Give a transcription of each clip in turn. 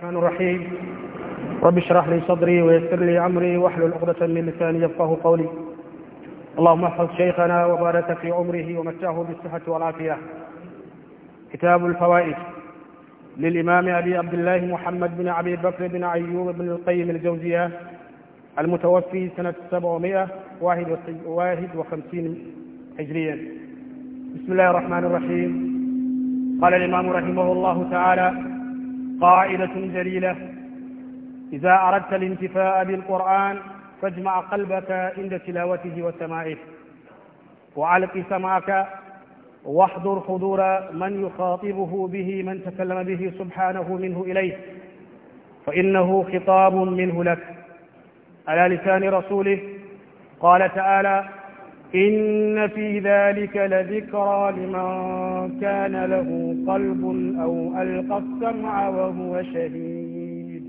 الرحمن الرحيم رب اشرح لي صدري ويسر لي أمري واحلل عقدة من لساني يفقه قولي اللهم احفظ شيخنا وبارك في عمره ومتعه بالصحة والعافية كتاب الفوائد للإمام أبي عبد الله محمد بن أبي بكر بن أيوب بن القيم الجوزية المتوفي سنة 751 هجريا بسم الله الرحمن الرحيم قال الإمام رحمه الله تعالى قاعدة جليلة إذا أردت الانتفاء بالقرآن فاجمع قلبك عند تلاوته وسماعه وعلق سمعك واحضر حضور من يخاطبه به من تكلم به سبحانه منه إليه فإنه خطاب منه لك على لسان رسوله قال تعالى إن في ذلك لذكرى لمن كان له قلب أو ألقى السمع وهو شهيد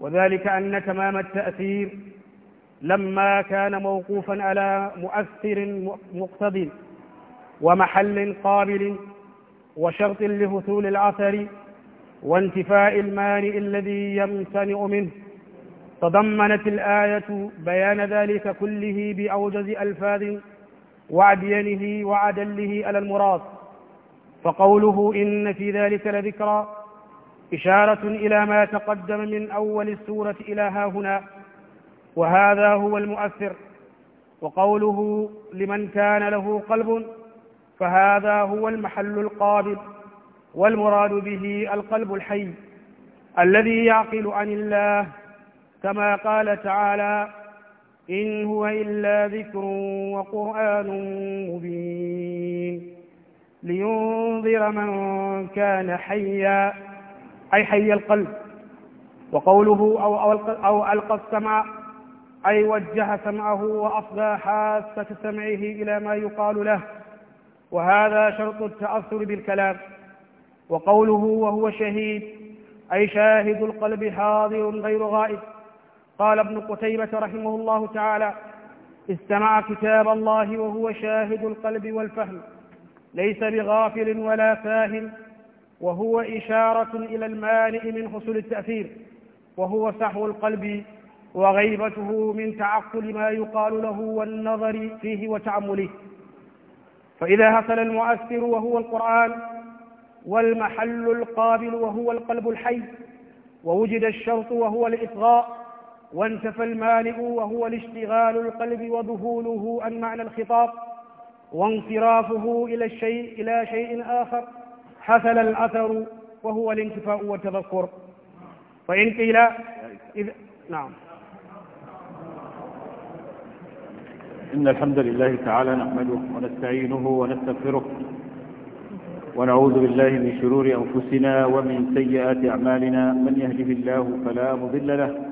وذلك أن تمام التأثير لما كان موقوفا على مؤثر مقتض ومحل قابل وشرط لحصول الأثر وانتفاء المانئ الذي يمتنع منه تضمنت الآية بيان ذلك كله بأوجز ألفاظ وعدينه وعدله على المراد فقوله إن في ذلك لذكرى إشارة إلى ما تقدم من أول السورة إلى ها هنا وهذا هو المؤثر وقوله لمن كان له قلب فهذا هو المحل القابل والمراد به القلب الحي الذي يعقل عن الله كما قال تعالى إن هو إلا ذكر وقرآن مبين لينظر من كان حيا أي حي القلب وقوله أو, أو ألقى السمع أي وجه سمعه وأفضى حاسة سمعه إلى ما يقال له وهذا شرط التأثر بالكلام وقوله وهو شهيد أي شاهد القلب حاضر غير غائب قال ابن قتيبة رحمه الله تعالى استمع كتاب الله وهو شاهد القلب والفهم ليس بغافل ولا فاهم وهو إشارة إلى المانع من حصول التأثير وهو سحو القلب وغيبته من تعقل ما يقال له والنظر فيه وتعمله فإذا هسل المؤثر وهو القرآن والمحل القابل وهو القلب الحي ووجد الشرط وهو الإصغاء وانتفى المالئ وهو الاشتغال القلب وذهوله عن معنى الخطاب وانصرافه إلى الشيء إلى شيء آخر حصل الأثر وهو الانتفاء والتذكر فإن قيل إذ نعم إن الحمد لله تعالى نحمده ونستعينه ونستغفره ونعوذ بالله من شرور أنفسنا ومن سيئات أعمالنا من يهده الله فلا مضل له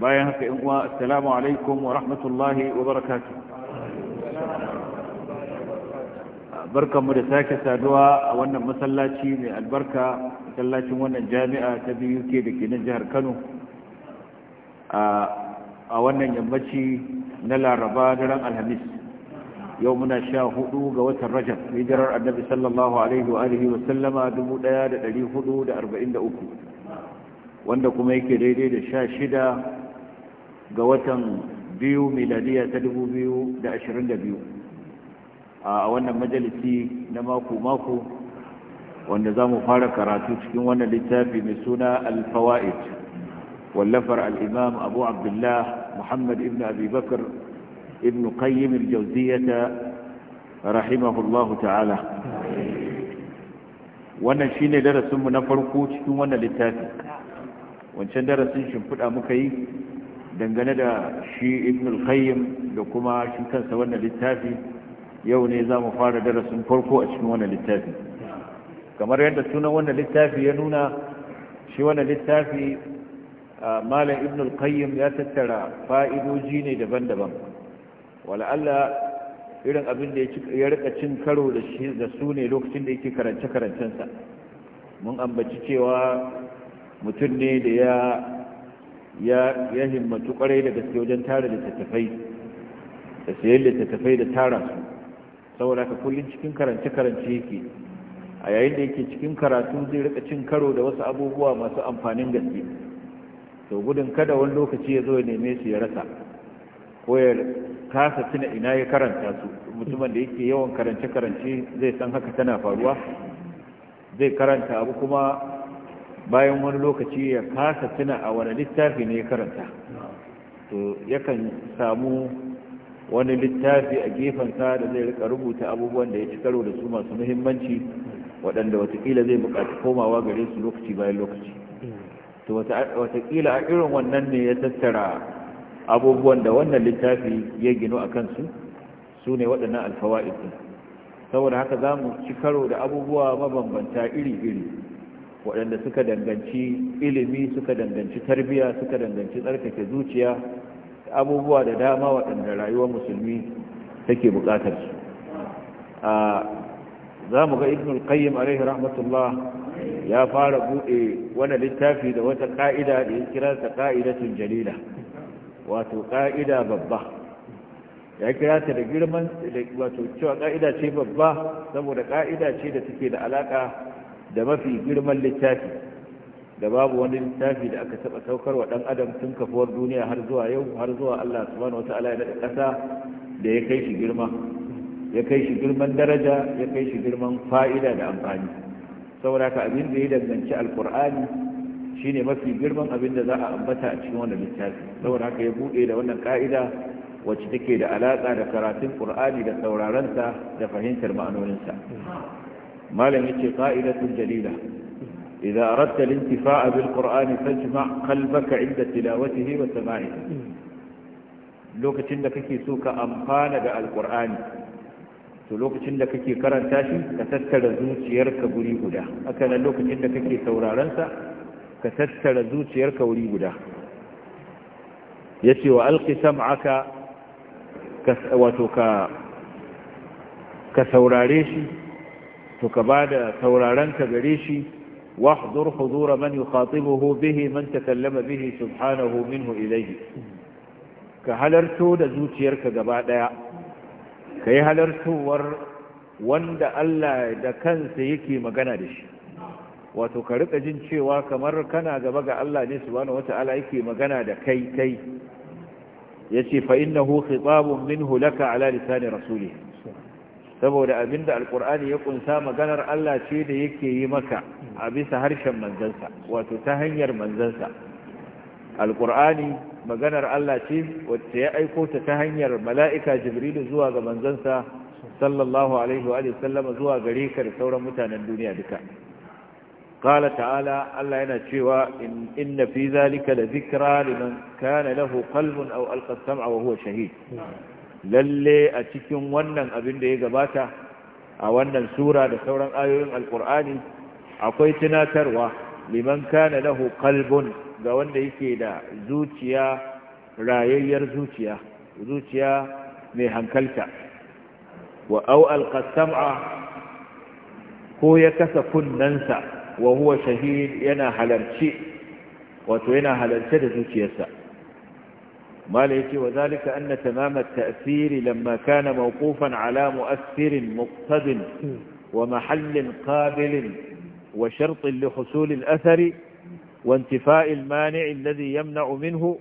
bayan haka in uwa assalamu alaikum wa rahmatullahi wa barakatuh barkanmu da sake saduwa a wannan masallaci mai albarka masallacin wannan jami'a ta biyu ke da ke nan jihar kano a wannan yammaci na laraba daren alhamis yau muna sha hudu ga watan rajab hijirar annabi sallallahu alaihi wa alihi wa sallama 1443 wanda kuma yake daidai da sha shida ga watan biyu miladiya ta dubu biyu da ashirin da biyu a wannan majalisi na mako-mako wanda za mu fara karatu cikin wannan littafi mai suna alfawa'id wallafar al'imam abu abdullah muhammad ibn abubakar ibn qayyim al rahimahullahu ta'ala wannan shine darasinmu na farko cikin wannan littafi wancan darasin shimfiɗa muka yi dangane da shi ibn al-qayyim da kuma shi kansa wannan littafi yau ne za mu fara darasin farko a cikin wannan littafi kamar yadda sunan wannan littafi ya nuna shi wannan littafi malam ibn al-qayyim ya tattara fa'idoji ne daban-daban wala'alla irin abin da ya rika cin karo da da su ne lokacin da yake karance-karancensa mun ambaci cewa mutum ne da ya ya ya himmatu kwarai da gaske wajen tara littattafai da sayan littattafai da tara su saboda ka kullum cikin karance karance yake a yayin da yake cikin karatu zai rika cin karo da wasu abubuwa masu amfanin gaske to gudun kada wani lokaci ya zo ya neme su ya rasa ko ya kasa tuna ina ya karanta su mutumin da yake yawan karance karance zai san haka tana faruwa zai karanta abu kuma bayan wani lokaci ya kasa tuna a wani littafi ne ya karanta to yakan samu wani littafi a gefensa da zai rika rubuta abubuwan da ya ci karo da su masu muhimmanci waɗanda watakila zai buƙaci komawa gare su lokaci bayan lokaci to watakila a irin wannan ne ya tattara abubuwan da wannan littafi ya gino a kansu su ne waɗannan alfawa'id saboda haka za mu ci karo da abubuwa mabambanta iri-iri waɗanda suka danganci ilimi suka danganci tarbiyya, suka danganci tsarkake zuciya da abubuwa da dama waɗanda rayuwar musulmi take buƙatar su za mu ga ibn qayyim alaihi rahmatullah ya fara buɗe wani littafi da wata ƙa'ida da ya kira ta ƙa'idatun jalila wato ƙa'ida babba ya kira ta da girman wato cewa ƙa'ida ce babba saboda ƙa'ida ce da take da alaƙa da mafi girman littafi da babu wani littafi da aka taɓa saukar wa ɗan adam tun kafuwar duniya har zuwa yau har zuwa Allah subhanahu wata'ala ya daɗa ƙasa da ya kai shi girma ya kai shi girman daraja ya kai shi girman fa'ida da amfani saboda ka abin da ya danganci alkur'ani shine mafi girman abin da za a ambata a cikin wannan littafi saboda haka ya buɗe da wannan ka'ida wacce take da alaƙa da karatun ƙur'ani da saurarensa da fahimtar ma'anoninsa malam yace qa'idatun jalila idza aradta al-intifa'a bil qur'ani fajma' kalbaka 'inda tilawatihi wa sama'ihi lokacin da kake so ka amfana da alqur'ani to lokacin da kake karanta shi ka tattara zuciyarka guri guda haka nan lokacin da kake sauraron sa ka tattara zuciyarka wuri guda ya ce wa alqi sam'aka wato ka saurare shi ka ba da taurarenka gare shi wa hudur hudura bihi man takallama bihi ka halarto da zuciyarka gaba daya kai halartowar wanda Allah da kansa yake magana da shi wato ka rika jin cewa kamar kana gaba ga Allah ne subhanahu wata'ala yake magana da kai kai yace fa innahu khitabun minhu laka ala lisani rasuli. saboda abinda alkur'ani ya kunsa maganar Allah ce da yake yi maka a bisa harshen manzansa wato ta hanyar manzansa alkur'ani maganar Allah ce wacce ya aiko ta ta hanyar mala'ika jibrilu zuwa ga manzansa sallallahu alaihi wa sallama zuwa gare ka da sauran mutanen duniya duka qala ta'ala Allah yana cewa inna fi zalika la dhikra liman kana lahu qalbun aw alqa as-sam'a wa huwa shahid lalle a cikin wannan abin da ya gabata a wannan sura da sauran ayoyin alkur'ani akwai tunatarwa liman kana lahu qalbun ga wanda yake da zuciya rayayyar zuciya zuciya mai hankalta wa au alqasama ko ya kasa kunnansa wa huwa shahid yana halarci wato yana halarce da zuciyarsa ما ليس وذلك أن تمام التأثير لما كان موقوفا على مؤثر مقتد ومحل قابل وشرط لحصول الأثر وانتفاء المانع الذي يمنع منه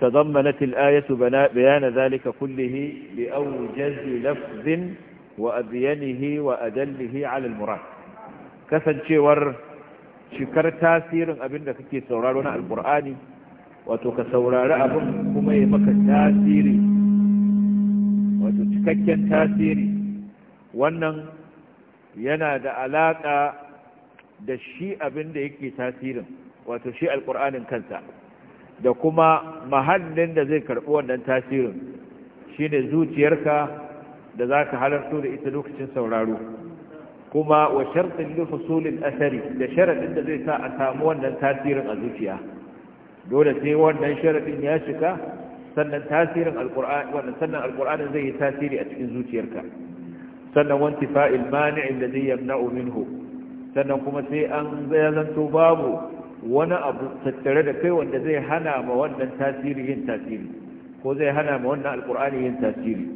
تضمنت الآية بيان ذلك كله بأوجز لفظ وأبينه وأدله على المراد كسن شور شكر تاثير أبنك كي سورارنا القرآني wato ka saurari abin kuma ya maka tasiri wato cikakken tasiri wannan yana da alaƙa da shi abin da yake tasirin wato shi alƙur'anin kansa da kuma mahallin da zai karɓi wannan tasirin shi ne zuciyarka da za ka halarto da ita lokacin sauraro kuma wa sharɗin lufasulin asari da sharaɗin da zai sa a samu wannan tasirin a zuciya dole sai wannan sharafin ya cika sannan tasirin wannan sannan zai yi tasiri a cikin zuciyarka sannan wanti fa'il mani'in da zai yamna'u minhu sannan kuma sai an zanto babu wani abu tattare da kai wanda zai hana ma wannan tasiri yin tasiri ko zai hana ma wannan alkurani yin tasiri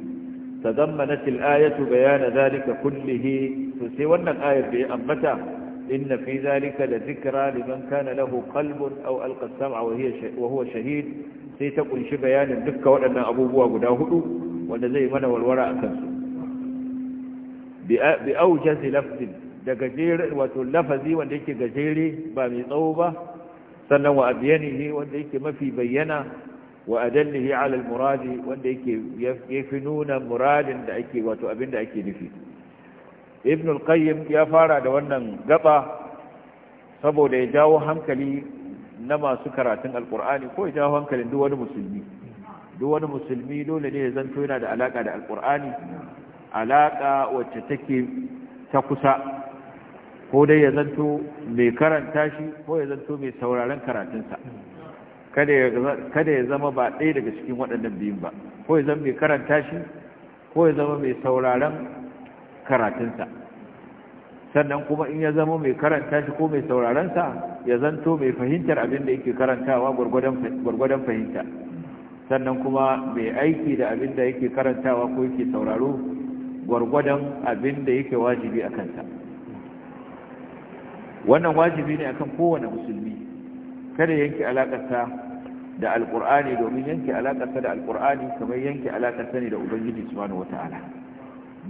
tazammanat al-ayatu bayana dhalika kullihi to sai wannan ayar da ya ambata إن في ذلك لذكرى لمن كان له قلب أو ألقى السمع وهي وهو شهيد سيتقل شبيان الدكة وأن أبوه قداهد وأن من والوراء كنسو بأوجز لفظ da gajere wato lafazi wanda yake gajere ba mai tsawo ba sannan wa abyanihi wanda yake mafi bayyana wa adallihi ala wanda nuna muradin da ake wato abinda ake nufi ibn al-qayyim ya fara da wannan gaba saboda ya jawo hankali na masu karatun alkur'ani ko ya jawo hankalin duk wani musulmi duk wani musulmi dole ne ya zanto yana da alaka da alkur'ani alaka wacce take ta kusa ko dai ya zanto mai karanta shi ko ya zanto mai sauraron karatunsa kada ya zama ba ɗaya daga cikin waɗannan biyun ba ko ya zama mai karanta shi ko ya zama mai sauraron karatunsa sannan kuma in ya zama mai karanta shi ko mai saurarensa ya zanto mai fahimtar abin da yake karantawa gwargwadon fahimta sannan kuma mai aiki da abin da yake karantawa ko yake sauraro gwargwadon abin da yake wajibi a kansa wannan wajibi ne akan kowane musulmi kada yanke alakarsa da alkur'ani domin yanke alakarsa da alkur'ani kamar yanke alakarsa ne da ubangiji subhanahu wataala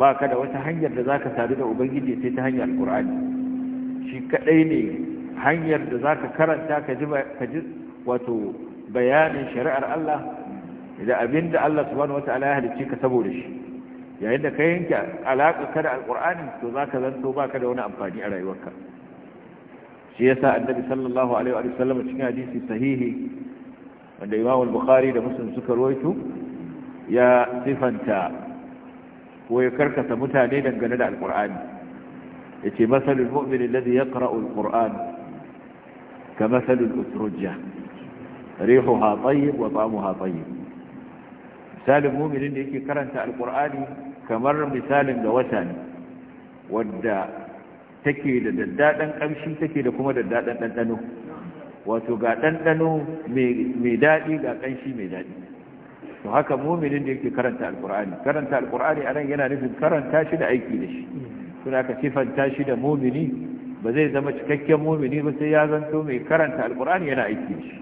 ba ka da wata hanyar da za ka sadu da ubangiji sai ta hanyar alkur'ani shi kaɗai ne hanyar da za ka karanta ka ji wato bayanin shari'ar Allah da abin da Allah subhanahu wa ta'ala ya halicci ka saboda shi yayin da ka yanke alaƙa ka da alkur'ani to za ka zanto ba ka da wani amfani a rayuwarka shi yasa annabi sallallahu alaihi wa sallam cikin hadisi sahihi wanda imamu al-bukhari da muslim suka rawaito ya sifanta ko ya karkata mutane dangane da Ya ce masalul mu'min alladhi yaqra'u alqur'an ka masalul usrujah rihuha tayyib wa ta'amuha tayyib misalin mu'minin da yake karanta alqur'ani kamar misalin ga wata ne wadda take da daddaɗan ƙamshi take da kuma daddaɗan ɗanɗano wato ga ɗanɗano mai daɗi ga ƙanshi mai daɗi to haka muminin da yake karanta alkur'ani karanta alkur'ani anan yana nufin karanta shi da aiki da shi suna aka sifanta shi da mumini ba zai zama cikakken mumini ba sai ya zanto mai karanta alkur'ani yana aiki da shi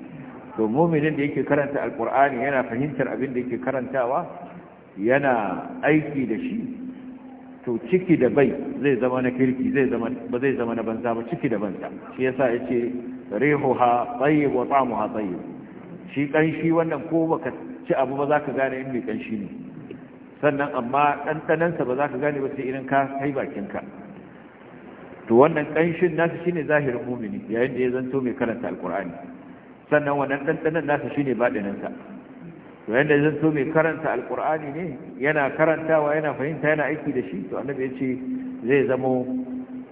to muminin da yake karanta alkur'ani yana fahimtar abin da yake karantawa yana aiki da shi to ciki da bai zai zama na kirki zai zama ba zai zama na banza ba ciki da banza shi yasa yace rihuha tayyib wa ta'muha tayyib shi ƙanshi wannan ko baka ci abu ba za ka gane in mai ƙanshi ne sannan amma ɗanɗanansa ba za ka gane ba sai irin ka kai bakinka to wannan ƙanshin nasa shine zahirin mumini yayin da ya zanto mai karanta alkur'ani sannan wannan ɗanɗanan nasa shine baɗinansa to yayin da ya zanto mai karanta alkur'ani ne yana karantawa yana fahimta yana aiki da shi to annabi ya ce zai zamo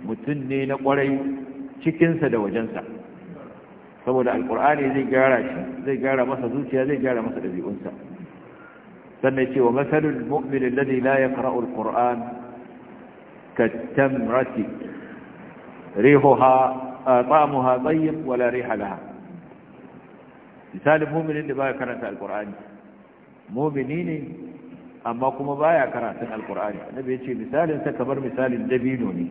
mutum ne na ƙwarai cikinsa da wajensa saboda Alƙur'ani zai gyara shi zai gyara masa zuciya zai gyara masa ɗabi'unsa sannan ce wa masalul mu'minin ladai la ya fara'u alkur'an kattamrati rihuha طعمها tsayin wala ريح laha. misalin muminin da ya karanta Alƙur'ani. mumini ne amma kuma baya karatun Alƙur'ani. Na ya ce misalin sa kamar misalin dabino ne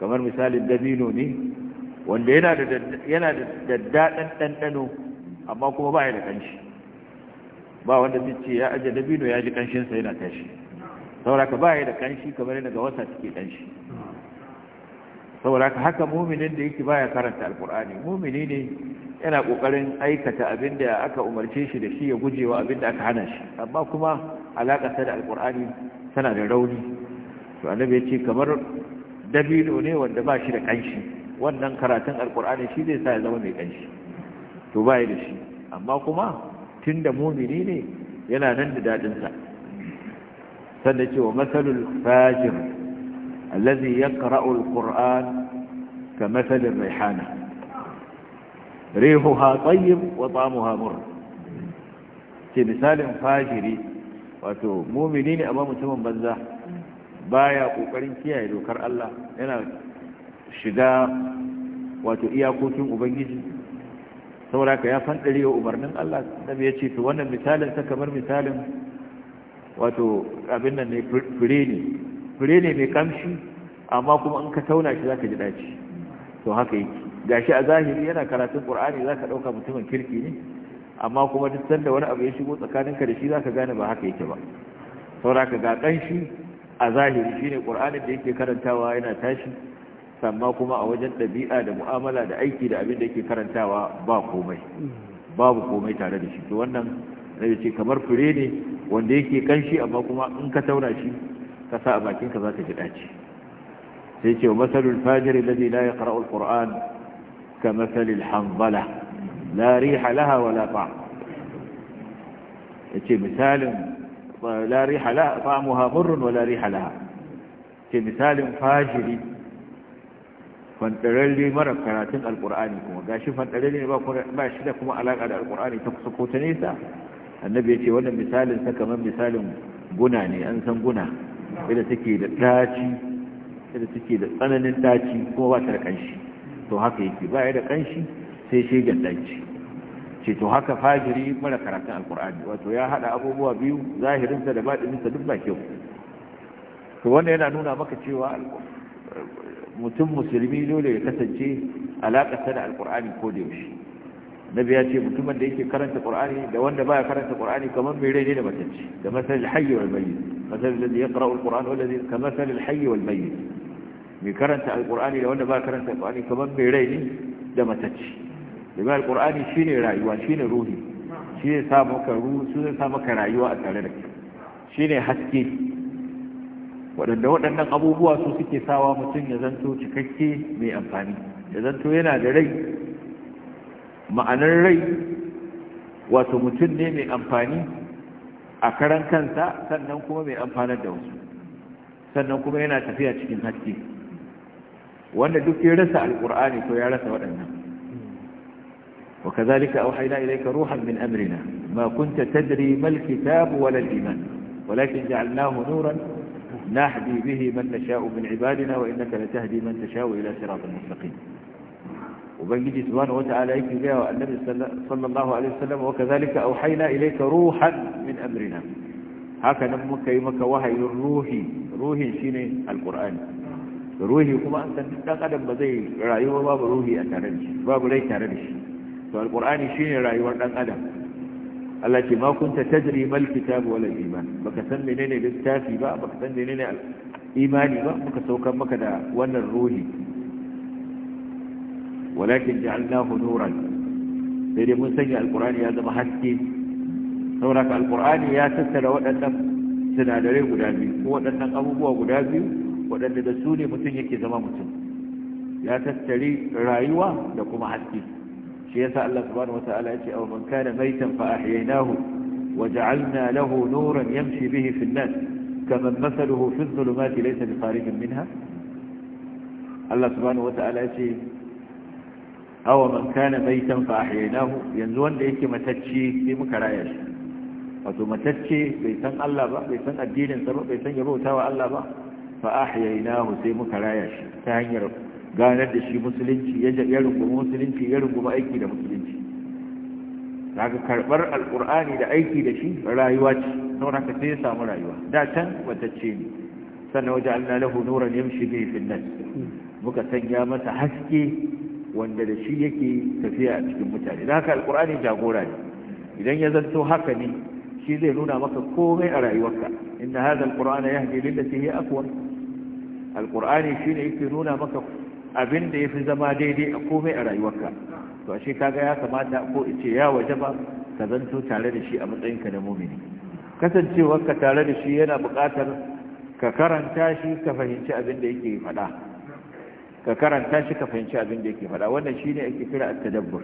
kamar misalin dabino ne wanda yana da yana da daddadan dandano amma kuma ba ya da kanshi ba wanda zai ce ya aje dabino ya ji kanshin sa yana tashi saboda ba ya da kanshi kamar yana ga wasa take kanshi saboda haka muminin da yake baya karanta alkur'ani mumini ne yana kokarin aikata abin da aka umarce shi da shi ya wa abin da aka hana shi amma kuma alakarsa da alkur'ani tana da rauni to annabi ya ce kamar dabino ne wanda ba shi da kanshi wannan karatun alkur'ani shi zai sa ya zama mai kanshi to ba da shi amma kuma tun da mumini ne yana nan da daɗinsa sannan cewa matsalul fajir allazi ya ƙara'ul ƙur'an ka matsalin raihana rihuha tsayin wa tsamuha mur Ke misalin fajiri wato mumini ne amma mutumin banza baya ƙoƙarin kiyaye dokar Allah yana shiga wato iyakokin ubangiji saboda ka ya fandare wa umarnin Allah nabi ya ce to wannan misalin ta kamar misalin wato abin nan ne fure ne fure ne mai kamshi amma kuma in ka tauna shi zaka ji daci to haka yake gashi a zahiri yana karatun Qur'ani zaka dauka mutumin kirki ne amma kuma duk sanda wani abu ya shigo tsakaninka da shi zaka gane ba haka yake ba saboda ga kanshi a zahiri shine Qur'anin da yake karantawa yana tashi sannan kuma a wajen ɗabi'a da mu'amala da aiki da abin da ke karantawa ba komai babu komai tare da shi to wannan zai ce kamar fure ne wanda yake kanshi amma kuma in ka taura shi ka sa a bakin ka zaka ji daci sai ce masalul fajir alladhi la yaqra'u alquran ka masalil hanbala. la riha laha wa la ta'am yace misalin la riha laha ta'amuha murrun wa la riha laha ce misalin fajiri fantararre mara karatun alkur'ani kuma gashi fantararre ne ba shi da kuma alaƙa da alkur'ani ta kusa ko ta nesa annabi ya ce wannan misalin ta kamar misalin guna ne an san guna wadda take da ɗaci wadda take da tsananin daci kuma ba ta da ƙanshi to haka yake ba ya da ƙanshi sai shegan ɗaci ce to haka fajiri mara karatun alkur'ani wato ya haɗa abubuwa biyu zahirinsa da baɗininsa duk ba kyau to wannan yana nuna maka cewa mutum musulmi dole ya kasance alaƙarsa da alƙur'ani ko da yaushe nabi ya ce mutumin da yake karanta ƙur'ani da wanda baya karanta ƙur'ani kamar mai rai ne da matacce da masal al-hayy wal mayyit masal alladhi yaqra'u al-qur'an wal ladhi kamasal al-hayy wal mayyit mai karanta al da wanda baya karanta qur'ani kamar mai rai ne da matacce da al-qur'ani shine rayuwa shine ruhi Shi shine sa maka ruhu shine sa maka rayuwa a tare da kai shine haske waɗanda waɗannan abubuwa su suke sawa mutum ya zanto cikakke mai amfani ya zanto yana da rai ma'anar rai wato mutum ne mai amfani a karan kansa sannan kuma mai amfanar da wasu sannan kuma yana tafiya cikin haske wanda duk ya rasa alkur'ani ko ya rasa waɗannan wa kazalika auhayna ilayka ruhan min amrina ma kunta tadri mal kitab wala al iman walakin ja'alnahu nuran نهدي به من نشاء من عبادنا وإنك لتهدي من تشاء إلى صراط المستقيم وبنجي سبحانه وتعالى يكفي جاء النبي صلى الله عليه وسلم وكذلك أوحينا إليك روحا من أمرنا هكذا مكة يمك وهي الروحي روحي شيني القرآن روحي كما أنت تقعد بزي رأيو باب روحي أتعرفش باب ليك أتعرفش فالقرآن شين رأيو الأدم Allah ce ma kunta tajri mal kitab wal iman baka san menene littafi ba baka san menene imani ba muka saukar maka da wannan ruhi walakin ja'alnahu nuran sai dai mun sanya alqur'ani ya zama haske sauraka alqur'ani ya tattara waɗannan sinadarai guda biyu ko waɗannan abubuwa guda biyu waɗanda da su ne mutum yake zama mutum ya tattare rayuwa da kuma haske shi yasa Allah subhanahu wata'ala ya ce aw man kana maitan fa ahyaynahu waja'alna lahu nuran yamshi bihi fi an-nas kaman masaluhu fi adh-dhulumati laysa bi kharijin minha Allah subhanahu wata'ala ya ce aw man kana maitan fa ahyaynahu yanzu wanda yake matacce sai muka raya shi wato matacce bai san Allah ba bai san addinin sa ba bai san ya bautawa Allah ba fa ahyaynahu sai muka raya shi ta hanyar ganar da shi musulunci ya rungumi musulunci ya rungumi aiki da musulunci daga karɓar alƙur'ani da aiki da shi rayuwa ce saboda ka sai ya samu rayuwa da can watacce ne sannan waje allah lahu nuran yamshi bihi fil nas muka sanya masa haske wanda da shi yake tafiya a cikin mutane da haka alƙur'ani jagora ne idan ya zanto haka ne shi zai nuna maka komai a rayuwarka inna hadha alqur'ana yahdi lillati hiya aqwa alqur'ani shine yake nuna maka abin da ya fi zama daidai a komai a rayuwarka to ashe kaga ya kamata ko in ce ya ba ka zanto tare da shi a matsayinka na mumini kasancewarka tare da shi yana buƙatar ka karanta shi ka fahimci abin da yake faɗa ka karanta shi ka fahimci abin da yake faɗa wannan shine ake kira at-tadabbur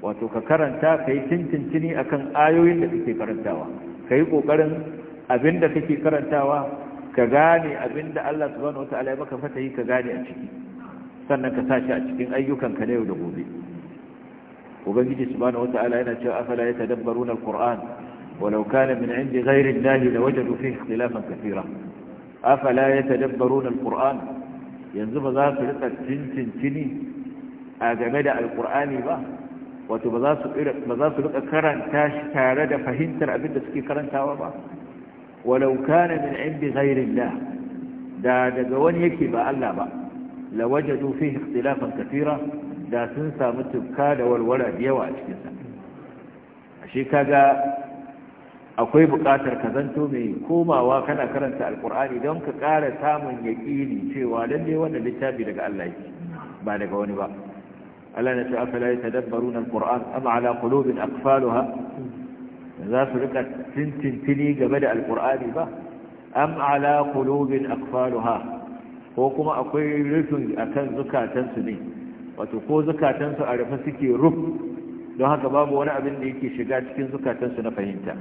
wato ka karanta ka yi tintintini a kan ayoyin da kake karantawa ka yi ƙoƙarin abin da kake karantawa ka gane abin da Allah subhanahu ta'ala ya maka fata yi ka gane a ciki sannan ka sashi a cikin ayyukanka na yau da gobe ubangiji subhanahu wata'ala yana cewa afala yatadabbaruna alquran walau kana min indi ghayri allahi lawajadu fihi ikhtilafan kathira afala yatadabbaruna alquran yanzu ba za su rika cincincini a game da alqur'ani ba wato ba za su rika karanta shi tare da fahimtar abin da suke karantawa ba walau kana min indi ghayri allah da daga wani yake ba Allah ba lawajadu fihi ikhtilafan kathira da sun samu tukka da walwala da yawa a cikin sa ashe kaga akwai buƙatar ka zanto mai komawa kana karanta alkur'ani don ka ƙara samun yaƙini cewa lalle wannan littafi daga Allah yake ba daga wani ba Allah na ta afala yatadabbaruna alquran am ala qulubin aqfalha za su rika tintintini game da alkur'ani ba am ala qulubin aqfalha ko kuma akwai rufin akan zukatansu ne wato ko zukatansu a rufe suke ruf don haka babu wani abin da yake shiga cikin zukatansu na fahimta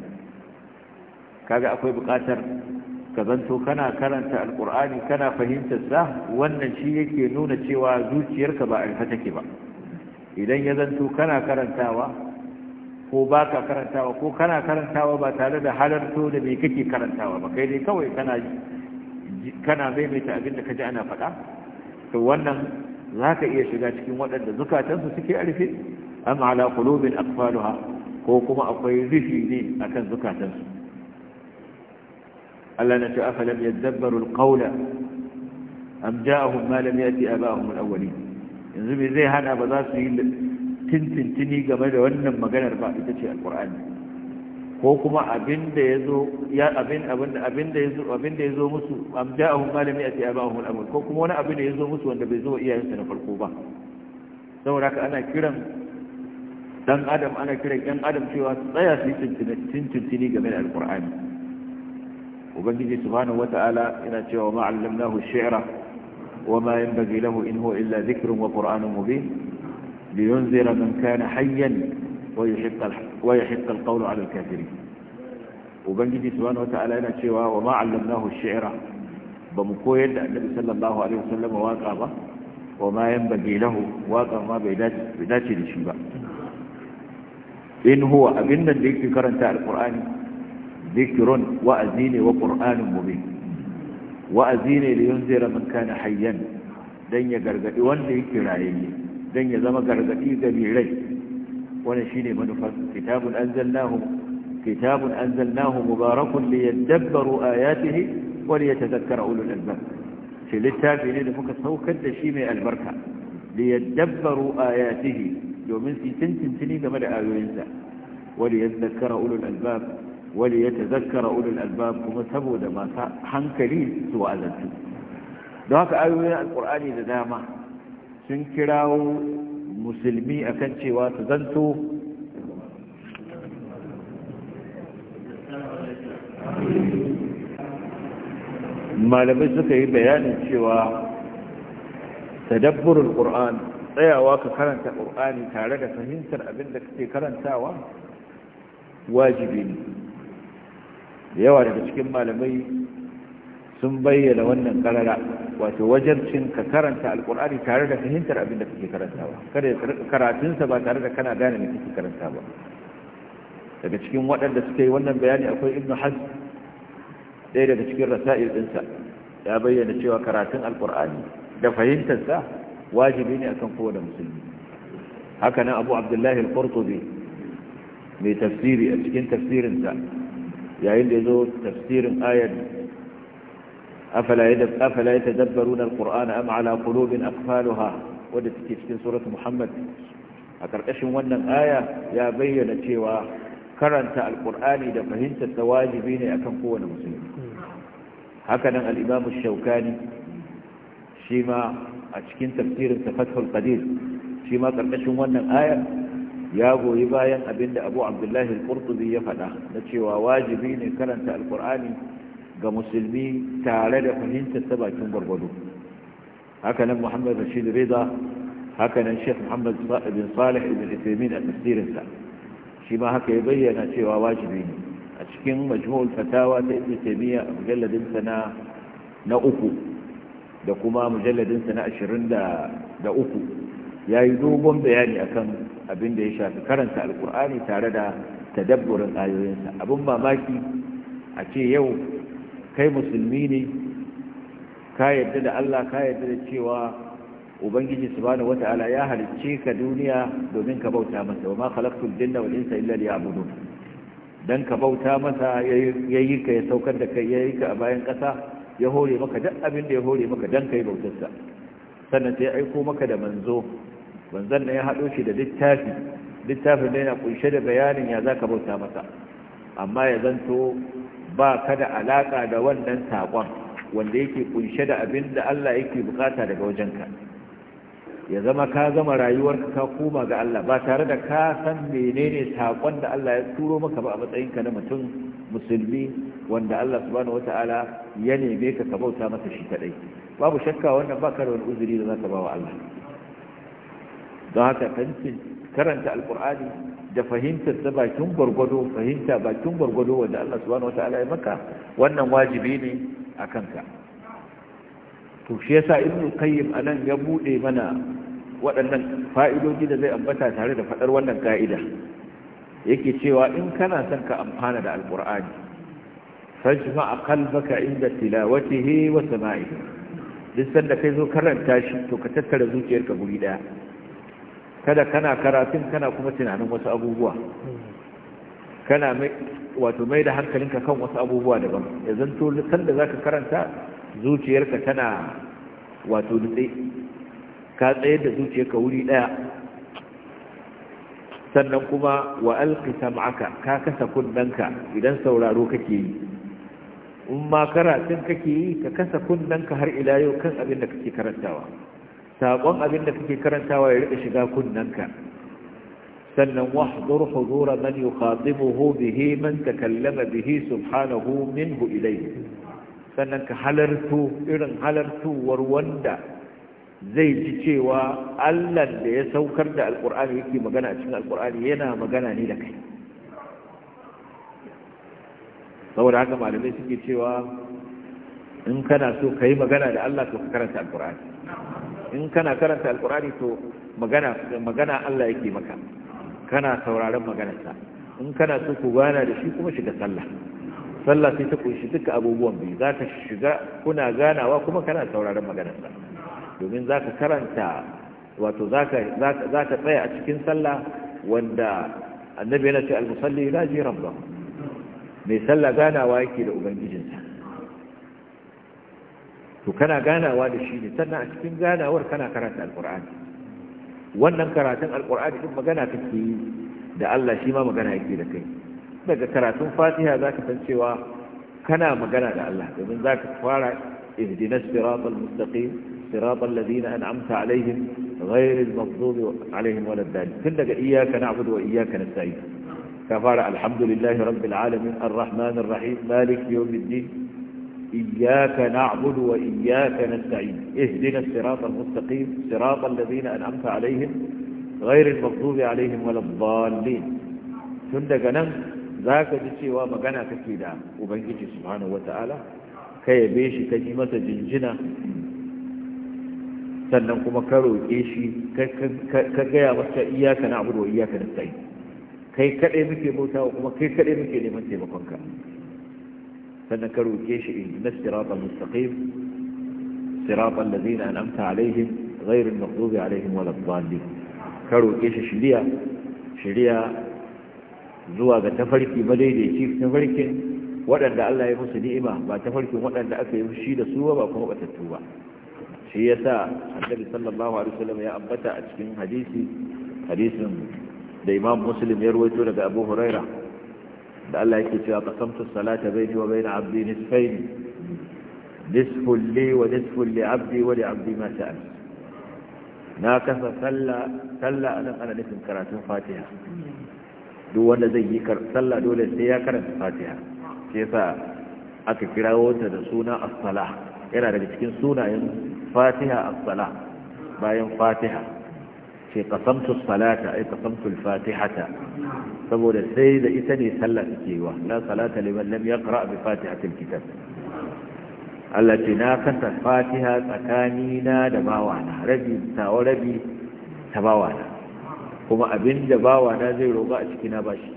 kaga akwai bukatar ka zanto kana karanta alƙur'ani kana fahimtar sa wannan shi yake nuna cewa zuciyarka ba a rufe take ba idan ya zanto kana karantawa ko ba ka karantawa ko kana karantawa ba tare da halarto da me kake karantawa ba kai dai kawai kana kana maimaita abin da ka ji ana faɗa to wannan za ka iya shiga cikin waɗanda zukatansu suke a rufe am ala qulubin aqfaluha ko kuma akwai rufi ne akan zukatansu Allah na ce afalam yadabbaru alqawla am ja'ahum ma lam yati aba'ahum alawwalin yanzu me zai hana ba za su yi tintintini game da wannan maganar ba ita ce alqur'ani ko kuma abin da ya zo ya abin abin da abin da ya zo abin da ya zo musu am ja'ahum malami ati abahum al-amr ko kuma wani abin da ya zo musu wanda bai zo iyayensa na farko ba saboda haka ana kiran dan adam ana kiran yan adam cewa su tsaya su yi tuntuni game da alqur'ani ubangiji subhanahu wata'ala yana cewa ma 'allamnahu ash-shi'ra wama yanbaghi lahu in huwa illa dhikrun wa qur'anun mubin liyunzira man kana hayyan wa yuhiqqa al-qawlu 'ala al-kafirin ubangiji subhanahu wata'ala yana cewa wa ma 'allamnahu ash koyar da annabi sallallahu alaihi wasallam waka ba wa ma yanbaghi lahu waka da shi ba in huwa abin da yake karanta alqur'ani dhikrun wa ne wa qur'anun mubin wa azini li hayyan dan ya wanda yake ya zama gargadi ga mai rai Wani shi ne manufar kitabun anzalnahu kitabun anzalnahu mubarakun liyadabbaru ayatihi wa liyatadhakkara ulul albab ce littafi ne da muka saukar da shi mai albarka liyan liyadabbaru ayatihi domin su tintintini game da ayoyinsa wa liyadhakkara ulul albab wa liyatadhakkara ulul albab kuma saboda masu hankali su wa'azantu don haka ayoyin alqur'ani da dama sun kirawo musulmi akan cewa su zanto malamai suka yi bayanin cewa tadabburul qur'an tsayawa ka karanta ƙur'ani tare da fahimtar abinda da kake karantawa wajibi ne da yawa daga cikin malamai sun bayyana wannan ƙarara wato wajarcin ka karanta alkur'ani tare da fahimtar abin da kake karantawa kada karatunsa ba tare da kana gane me kake karanta ba daga cikin waɗanda suka yi wannan bayani akwai ibnu haj ɗaya daga cikin rasa'il ɗinsa ya bayyana cewa karatun alkur'ani da fahimtarsa wajibi ne akan kowane musulmi haka nan abu abdullahi al-qurtubi mai tafsiri a cikin tafsirinsa yayin da ya zo tafsirin ayar أفلا يتدبرون القرآن أم على قلوب أقفالها wadda take cikin suratu muhammad a ƙarƙashin wannan aya ya bayyana cewa karanta alkur'ani da fahimtar ta wajibi ne akan kowane musulmi hakanan al'imamu shaukani shi ma a cikin tafsirin tafatul qadir shi ma ƙarƙashin wannan aya ya goyi bayan abinda abu abdullahi al-qurtubi ya faɗa na cewa wajibi ne karanta alkur'ani. ga musulmi tare da fahimtar ta bakin gwargwado hakanan muhammad rashid reza hakanan sheikh muhammad bin salih ibn isaimin a tasirinsa shi ma haka ya bayyana cewa wajibi ne a cikin majmu'ul fatawa ta ibn taymiya a mujalladinsa na na uku da kuma mujalladinsa na ashirin da uku ya yi dogon bayani akan abin da ya shafi karanta alkur'ani tare da tadabburin ayoyinsa abin mamaki a ce yau kai musulmi ne ka yarda da Allah ka yarda da cewa ubangiji subhanahu wata'ala ya halicce ka duniya domin ka bauta masa wa ma khalaqtul jinna wal insa illa liya'budun dan ka bauta masa yayi ka ya saukar da kai yayi ka a bayan kasa ya hore maka duk abin da ya hore maka dan kai bautar sa sannan sai ya aiko maka da manzo manzon ne ya hado shi da littafi littafin da yana kunshe da bayanin ya zaka bauta masa amma ya zanto ba ka da alaƙa da wannan saƙon wanda yake kunshe da abin da Allah yake bukata daga wajenka ya zama ka zama rayuwarka ka koma ga Allah ba tare da ka san menene saƙon da Allah ya turo maka ba a matsayinka na mutum musulmi wanda Allah subhanahu wata'ala ya neme ka ka bauta masa shi kadai babu shakka wannan ba da wani uzuri da za ka ba wa Allah don haka karanta alkur'ani da fahimtar ta bakin gwargwado fahimta bakin gwargwado wanda Allah subhanahu wata'ala ya maka wannan wajibi ne a kanka to shi yasa ibnu qayyim anan ya bude mana waɗannan fa'idoji da zai ambata tare da faɗar wannan ka'ida yake cewa in kana son ka amfana da alkur'ani fajma'a qalbaka inda tilawatihi wa sama'ihi duk sanda kai zo karanta shi to ka tattara zuciyarka guri daya kada kana karatun kana kuma tunanin wasu abubuwa kana wato mai da hankalinka kan wasu abubuwa daban ya zanto da za ka karanta zuciyarka tana wato dutse ka tsayar da zuciyarka wuri ɗaya sannan kuma wa alƙisa ma'aka ka kasa kunnanka idan sauraro kake yi in ma karatun kake yi ka kasa kunnanka har ila kan abin da kake karantawa saƙon abin da kake karantawa ya rika shiga kunnanka sannan wahdur huzura man yukhatibuhu bihi man takallama bihi subhanahu minhu ilayhi sannan ka halartu irin halartuwar wanda zai ji cewa Allah da ya saukar da alƙur'ani yake magana a cikin alƙur'ani yana magana ne da kai saboda haka malamai suke cewa in kana so ka yi magana da Allah to ka karanta alƙur'ani. in kana karanta alkurani to magana magana Allah yake maka kana sauraron maganarsa in kana so ku gana da shi kuma shiga sallah sallah sai ta kunshi duka abubuwan biyu za ka shiga kuna ganawa kuma kana sauraron maganarsa domin za ka karanta wato za ka tsaya a cikin sallah wanda annabi yana ce almusalli ya ji rabba mai sallah ganawa yake da ubangijinsa to kana ganawa da shi ne sannan a cikin ganawar kana karanta alkur'ani wannan karatun alkur'ani din magana kake yi da Allah shi ma magana yake da kai daga karatun fatiha za ka san cewa kana magana da Allah domin za ka fara ihdina siratal mustaqim siratal ladina an'amta alaihim ghayril maghdubi alaihim waladdallin tun daga iyyaka na'budu wa iyyaka nasta'in ka fara alhamdulillahi rabbil alamin arrahmanir rahim maliki yawmiddin إياك نعبد وإياك نستعين اهدنا الصراط المستقيم صراط الذين أنعمت عليهم غير المغضوب عليهم ولا الضالين تندق نم ذاك جسي ومقنا كثيرا وبنجي سبحانه وتعالى كي بيش كلمة جنجنا sannan kuma ka roƙe shi ka gaya wata iyaka na abu da iyaka na tsayi kai kaɗai muke bauta kuma kai kaɗai muke neman taimakonka sannan ka roke shi in na sirata mustaqim sirata allazina an'amta alaihim ghayril maghdubi alaihim waladdallin ka roke shi shiriya zuwa ga tafarki madaidaici tafarkin waɗanda Allah ya musu ni'ima ba tafarkin waɗanda aka yi fushi da su ba kuma batattu ba shi yasa annabi sallallahu alaihi wasallam ya ambata a cikin hadisi hadisin da Imam Muslim ya daga Abu Huraira. da Allah yake cewa qasamtu salata baini wa baina abdi nisfayn nisfun li wa nisfun li abdi wa li abdi ma sa'al na kasa salla salla anan ana nufin karatun fatiha duk wanda zai yi salla dole sai ya karanta fatiha sai yasa aka kirawo wata da suna as-sala yana daga cikin sunayen fatiha as-sala bayan fatiha sai qasamtu salata ay qasamtu al-fatihata saboda sai da ita ne sallah take wa la salata liman lam yaqra bi fatihatil kitab Allah ce na kasa fatiha tsakani na da bawana rabi tawa rabi ta bawana kuma abinda da bawana zai roƙa a cikin na bashi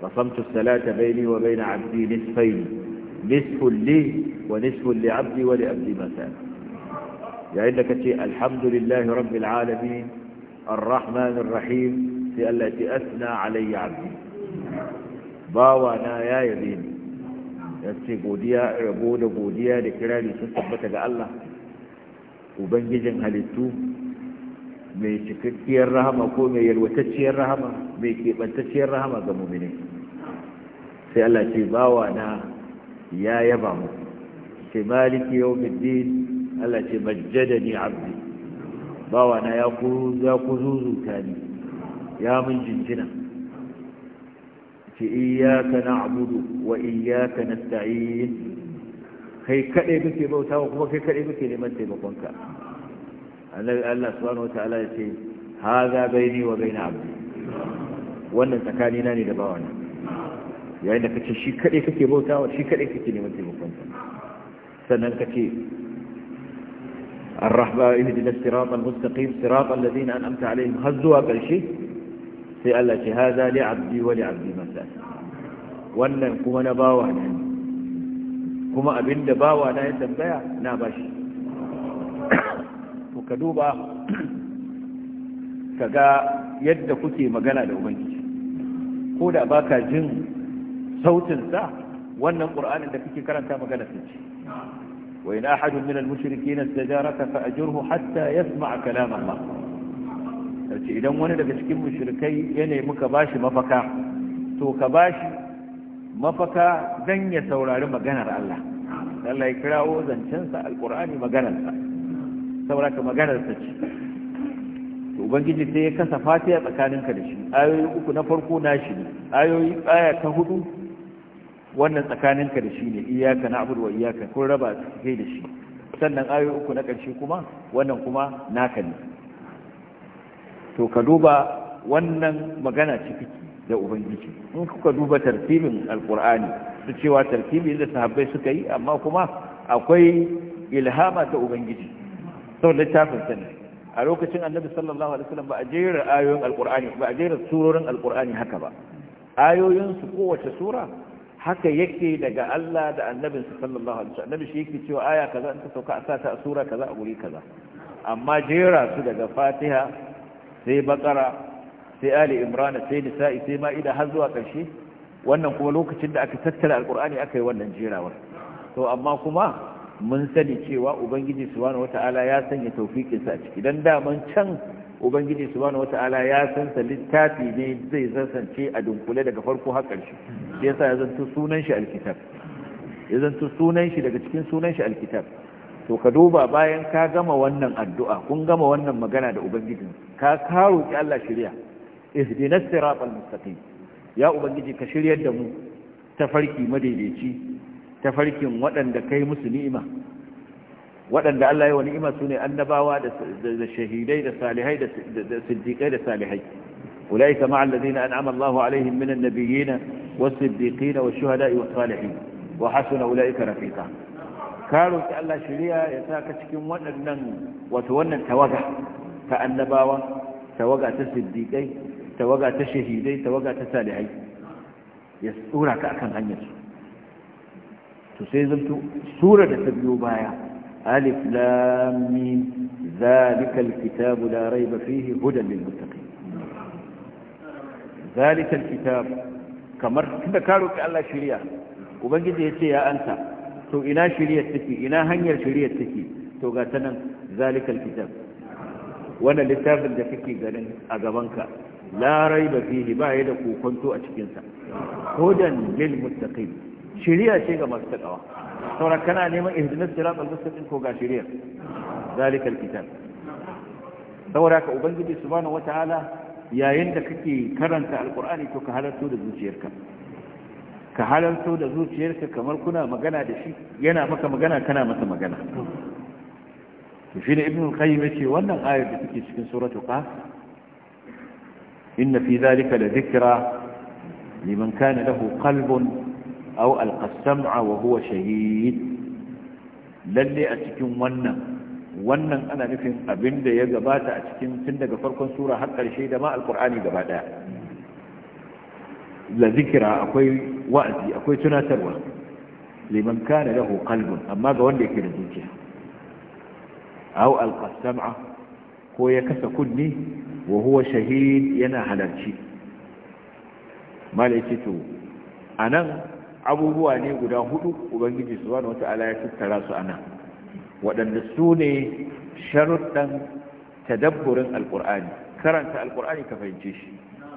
qasamtu salata bayni wa baina abdi nisfayn nisfun li wa nisfu li abdi wa li abdi ma ya yayin da kace alhamdulillahi rabbil alamin الرحمن الرحيم sai Allah ce asna alayya abdi bawa na ya yabe ni ya ce godiya rabo da godiya da kirari sun tabbata ga Allah ubangijin halittu mai cikakkiyar rahama ko mai yalwatacciyar rahama mai keɓantacciyar rahama ga mumini sai Allah ce bawa na ya yaba mu ce maliki yawmiddin Allah ce ni abdi bawa na ya kuzuzuta ni يا من جنجنا في إياك نعبد وإياك نستعين هي كلي موتا بوتا وقم في كلي بك لمن تبقونك الله سبحانه وتعالى يقول هذا بيني وبين عبدي وانا تكاني ناني لبعونا يعني انك شي كلي بك بوتا وشي كلي بك لمن تبقونك سنن كيف الرحبة اهدنا الصراط المستقيم صراط الذين انعمت عليهم هزوا بل شيء sai Allah ce haza li abdi wa li abdi masa wannan kuma na bawa ne kuma abinda bawa na ya tambaya na bashi to ka duba ka ga yadda kuke magana da ubangiji ko da baka jin sautinsa wannan qur'anin da kake karanta magana sai ce wa in ahadun min al-mushrikeena istajaraka fa ajurhu hatta yasma' kalam Allah mace idan wani daga cikin mushrikai ya nemi ka bashi mafaka to ka bashi mafaka dan ya saurari maganar Allah Allah ya kirawo zancensa alqur'ani maganarsa saboda ka maganarsa ce to ubangiji sai ya kasa fatiya tsakaninka da shi ayoyi uku na farko shi ne ayoyi aya ta hudu wannan tsakaninka da shi ne iyaka na'budu wa iyaka kun raba kai da shi sannan ayoyi uku na ƙarshe kuma wannan kuma naka ne to ka duba wannan magana ciki da ubangiji in kuka duba tartibin alkur'ani su cewa tartibi da sahabbai suka yi amma kuma akwai ilhama ta ubangiji sau littafin sani a lokacin annabi sallallahu alaihi wasallam ba a jera ayoyin alkur'ani ba a jera surorin alkur'ani haka ba ayoyin su kowace sura haka yake daga Allah da annabinsa sallallahu alaihi wasallam annabi shi yake cewa aya kaza in ta sauka a sata a sura kaza a guri kaza amma jera su daga fatiha sai bakara sai ali imran sai nisa'i sai ma'ida har zuwa ƙarshe wannan kuma lokacin da aka tattara alkur'ani aka yi wannan jerawar to amma kuma mun sani cewa ubangiji subhanahu wata'ala ya sanya tawfiqinsa a ciki dan daman can ubangiji subhanahu wata'ala ya san sa littafi ne zai zasance a dunkule daga farko har ƙarshe sai yasa ya zanto sunan shi alkitab ya zanto sunan shi daga cikin sunan shi alkitab to ka duba bayan ka gama wannan addu'a kun gama wannan magana da ubangiji. ka ka roki Allah shirya ihdinas siratal mustaqim ya ubangiji ka shiryar da mu tafarki madaidaici tafarkin waɗanda kai musu ni'ima waɗanda Allah ya wa ni'ima sune annabawa da shahidai da salihai da siddiƙai da salihai ulaika ma'al ladina an'ama Allahu alaihim minan nabiyyin was-siddiqin wash-shuhada'i was-salihin wa hasuna ulaika rafiqa ka roki Allah shiriya ya saka cikin waɗannan wato wannan tawaga ta annabawa tawaga ta siddiƙai tawaga ta shahidai ta tawaga ta salihai ya tsura ka akan hanyar su to sai zanto sura da ta biyo baya alif lam Zalikal, Kitabu, alkitabu la raiba fihi hudan lil muttaqin zalika alkitab kamar tunda ka roki Allah shiriya ubangiji yace ya anta to ina shiriyar take ina hanyar shiriyar take to ga ta nan zalikal kitab wannan littafin da kake ganin a gabanka la raiba fihi ba ya da kokonto a cikin sa hudan lil muttaqin shiriya ce ga masu takawa saboda kana neman sirat al mustaqim ko ga shiriya zalika kitab saboda ka ubangiji subhanahu wataala yayin da kake karanta alqur'ani to ka halarto da zuciyarka ka halarto da zuciyarka kamar kuna magana da shi yana maka magana kana masa magana to shi ne ibn qayyim ce wannan ayar da take cikin suratul qaf inna fi dhalika la dhikra liman kana lahu qalbun aw alqa as-sam'a wa huwa shahid lalle a cikin wannan wannan ana nufin abinda ya gabata a cikin tun daga farkon sura har karshe da ma alqur'ani gaba daya la dhikra akwai wa'azi akwai tunatarwa liman kana lahu qalbun amma ga wanda yake da zuciya au alqa sam'a ko ya kasa kunni wa huwa shahid yana halarci mala yace to anan abubuwa ne guda hudu ubangiji subhanahu wata'ala ya tattara su anan waɗanda su ne sharuɗan tadabburin alqur'ani karanta alqur'ani ka fahimce shi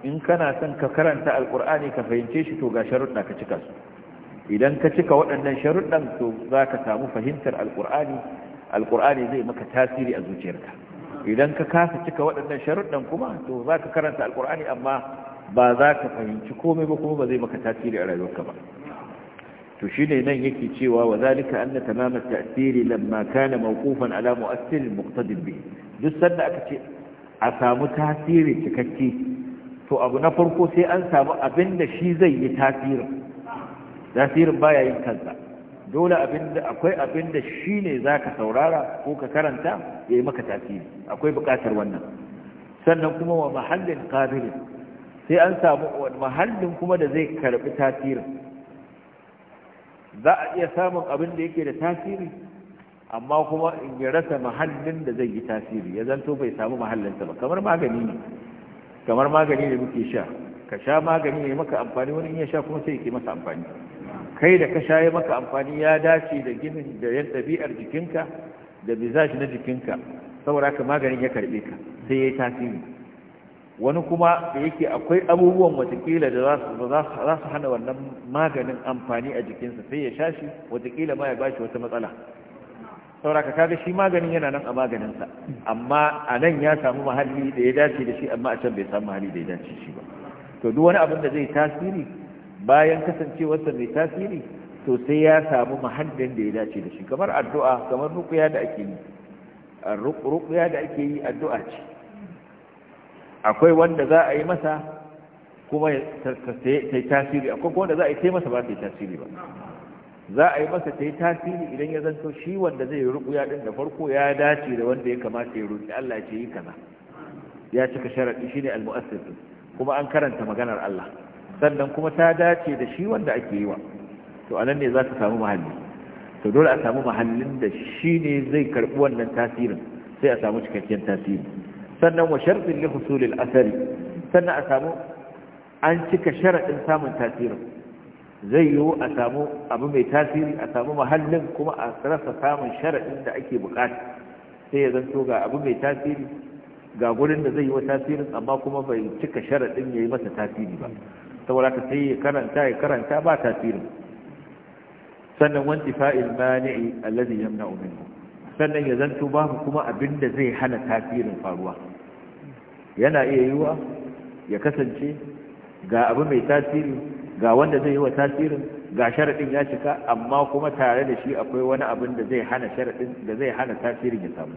in kana son ka karanta alqur'ani ka fahimce shi to ga sharuɗa ka cika su idan ka cika waɗannan sharuɗan to za ka samu fahimtar alƙur'ani alkur'ani zai maka tasiri a zuciyarka idan ka kasa cika waɗannan sharuɗan kuma to za ka karanta alkur'ani amma ba za ka fahimci komai ba kuma ba zai maka tasiri a rayuwarka ba to shi ne nan yake cewa wa zalika anna tamama ta'siri lamma kana mawqufan ala mu'assir muqtadib bi duk sanda aka ce a samu tasiri cikakke to abu na farko sai an samu abin da shi zai yi tasirin. tasirin baya yin kansa dole abinda akwai abinda shine zaka saurara ko ka karanta yayi maka tasiri akwai bukatar wannan sannan kuma wa mahallin qabilin sai an samu mahallin kuma da zai karbi tasiri za a iya samun abin da yake da tasiri amma kuma in ya rasa mahallin da zai yi tasiri ya zanto bai samu mahallinsa ba kamar magani ne kamar magani da muke sha ka sha magani ne maka amfani wani in ya sha kuma sai ke masa amfani kai da ka shaye maka amfani ya dace da ginin da yan ɗabi'ar jikinka da bizaj na jikinka saboda ka maganin ya karɓe ka sai ya yi tasiri wani kuma da yake akwai abubuwan watakila da za su hana wannan maganin amfani a jikinsa sai ya shashi watakila ma ya ba shi wata matsala sauraka kaga shi maganin yana nan a maganinsa amma a nan ya samu mahalli da ya dace da shi amma a can bai samu mahalli da ya dace shi ba to duk wani abin da zai tasiri bayan kasancewarsa mai tasiri to sai ya samu mahallin da ya dace da shi kamar addu'a kamar rukuya da ake yi rukuya da ake yi addu'a ce akwai wanda za a yi masa kuma ta yi tasiri akwai wanda za a yi ta masa ba ta yi tasiri ba za a yi masa ta yi tasiri idan ya zanto shi wanda zai yi rukuya din da farko ya dace da wanda ya kamata ya roƙi Allah ya ce yi kaza ya cika sharaɗi shine al muassis kuma an karanta maganar Allah sannan kuma ta dace da shi wanda ake yi wa to anan ne za ta samu mahalli to dole a samu mahallin da shi ne zai karbi wannan tasirin sai a samu cikakken tasiri sannan wa sharfin li husulil asari sannan a samu an cika sharaɗin samun tasirin zai yiwu a samu abu mai tasiri a samu mahallin kuma a rasa samun sharaɗin da ake buƙata, sai ya zanto ga abu mai tasiri ga gurin da zai yi wa tasirin amma kuma bai cika sharaɗin ya yi masa tasiri ba saboda sai ya karanta ya karanta ba tasirin sannan wanti fa'il mani'i allazi yamna'u minhu sannan ya zanto babu kuma abin da zai hana tasirin faruwa yana iya yiwa ya kasance ga abu mai tasiri ga wanda zai yi wa tasirin ga sharaɗin ya cika amma kuma tare da shi akwai wani abin da zai hana sharaɗin da zai hana tasirin ya samu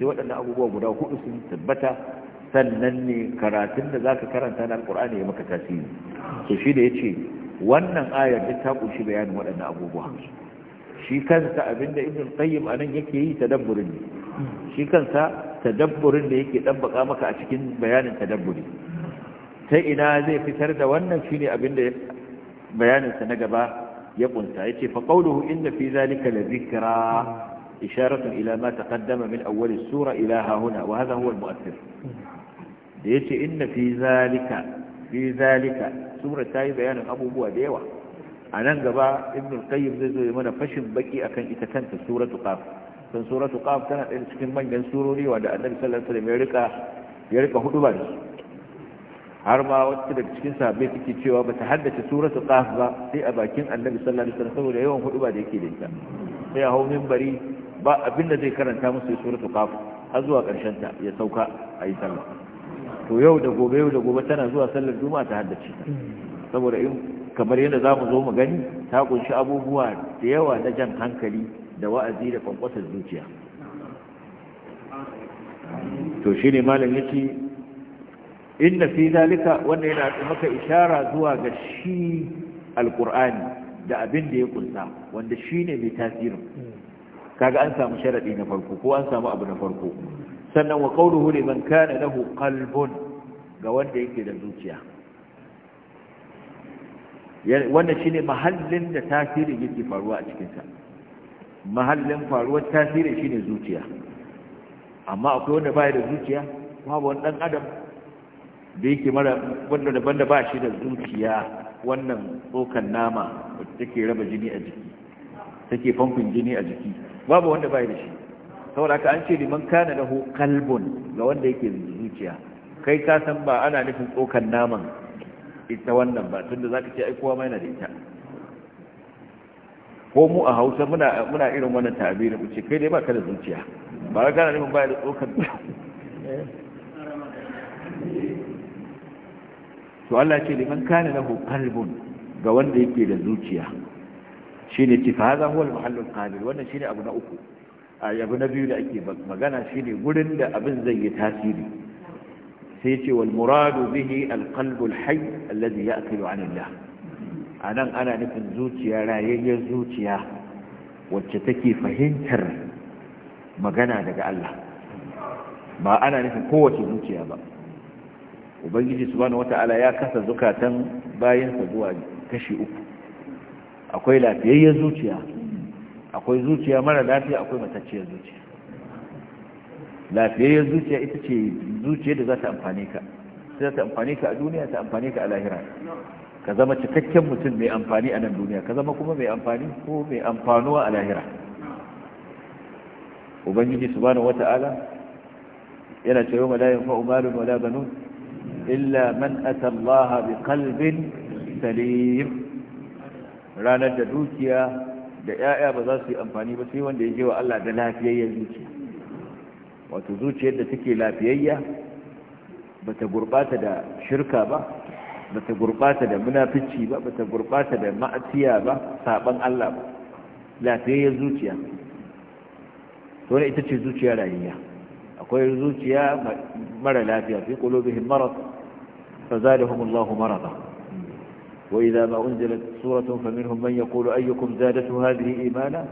sai waɗannan abubuwa guda hudu sun tabbata sannan ne karatun da zaka karanta na alqur'ani ya maka tasiri to shi da yace wannan ayar duk ta kunshi bayanin waɗannan abubuwa shi kansa abinda ibn qayyim anan yake yi tadabburin ne shi kansa tadabburin da yake dabbaka maka a cikin bayanin tadabburi ta ina zai fitar da wannan shine abinda bayanin sa na gaba ya kunta yace fa qawluhu inna fi zalika la dhikra isharatu ila ma taqaddama min awwal as-sura ila ha huna wa da yace inna fi zalika fi zalika sura ta yi bayanin abubuwa da yawa a nan gaba ibn al-qayyim zai zo mana fashin baki akan ita kanta suratu qaf dan suratu qaf tana ɗaya cikin manyan surori wanda annabi sallallahu alaihi wasallam ya rika ya rika huduba da har ma wacce daga cikin sahabbai suke cewa ba ta haddace suratu qaf ba sai a bakin annabi sallallahu alaihi wasallam saboda yawan huduba da yake da ita sai a hau minbari ba abin da zai karanta musu suratu qaf har zuwa karshen ta ya sauka a yi sallah to yau da gobe yau da gobe tana zuwa sallar juma'a ta haddace saboda in kamar yadda za mu zo mu gani ta kunshi abubuwa da yawa na jan hankali da wa'azi da kwankwasar zuciya to shi ne malam yake inna fi zalika wanda yana maka ishara zuwa ga shi alkur'ani da abin da ya kunsa wanda shi ne mai tasirin kaga an samu sharaɗi na farko ko an samu abu na farko sannan wa qawluhu liman kana lahu qalbun ga wanda yake da zuciya wannan shine mahallin da tasirin yake faruwa a cikin sa mahallin faruwar tasirin shine zuciya amma akwai wanda baya da zuciya babu wani dan adam da yake mara wanda daban da ba shi da zuciya wannan tsokan nama wacce take raba jini a jiki take famfin jini a jiki babu wanda baya da shi saboda ka an ce liman kana lahu qalbun ga wanda yake zuciya kai ka san ba ana nufin tsokan naman ita wannan ba tunda zaka ce ai kowa ma yana da ita ko mu a Hausa muna muna irin wannan tabiri mu ce kai dai ba ka da zuciya ba ka na nufin ba da tsokan to Allah ce liman kana lahu qalbun ga wanda yake da zuciya shine tifaza huwa al al qadir wannan shine abu na uku abu na biyu da ake magana shine gurin da abin zai yi tasiri sai ce wal muradu bihi al qalbu al hayy alladhi ya'qilu an Allah anan ana nufin zuciya rayayyar zuciya wacce take fahimtar magana daga Allah ba ana nufin kowace zuciya ba ubangiji subhanahu wata'ala ya kasa zukatan bayansa zuwa kashi uku akwai lafiyayyar zuciya akwai zuciya mara lafiya akwai matacciyar zuciya lafiyayyar zuciya ita ce zuciya da za ta amfani ka sai za ta amfani ka a duniya ta amfani ka a lahira ka zama cikakken mutum mai amfani a nan duniya ka zama kuma mai amfani ko mai amfanuwa a lahira ubangiji subhanahu wata'ala yana cewa malayin fa umarun wala banu illa man ata Allah bi qalbin salim ranar da dukiya da 'ya'ya ba za su yi amfani ba sai wanda ya je wa Allah da lafiyayyar zuciya wato zuciyar da take lafiyayya ba ta gurɓata da shirka ba ba ta gurɓata da munafici ba ba ta gurɓata da ma'asiya ba saɓan Allah ba lafiyayyen zuciya to ne ita ce zuciya rayuwa akwai zuciya mara lafiya fi qulubihim marad fa zadahum Allahu marada وإذا ما انزلت سورة فمنهم من يقول أيكم زادته هذه إيمانا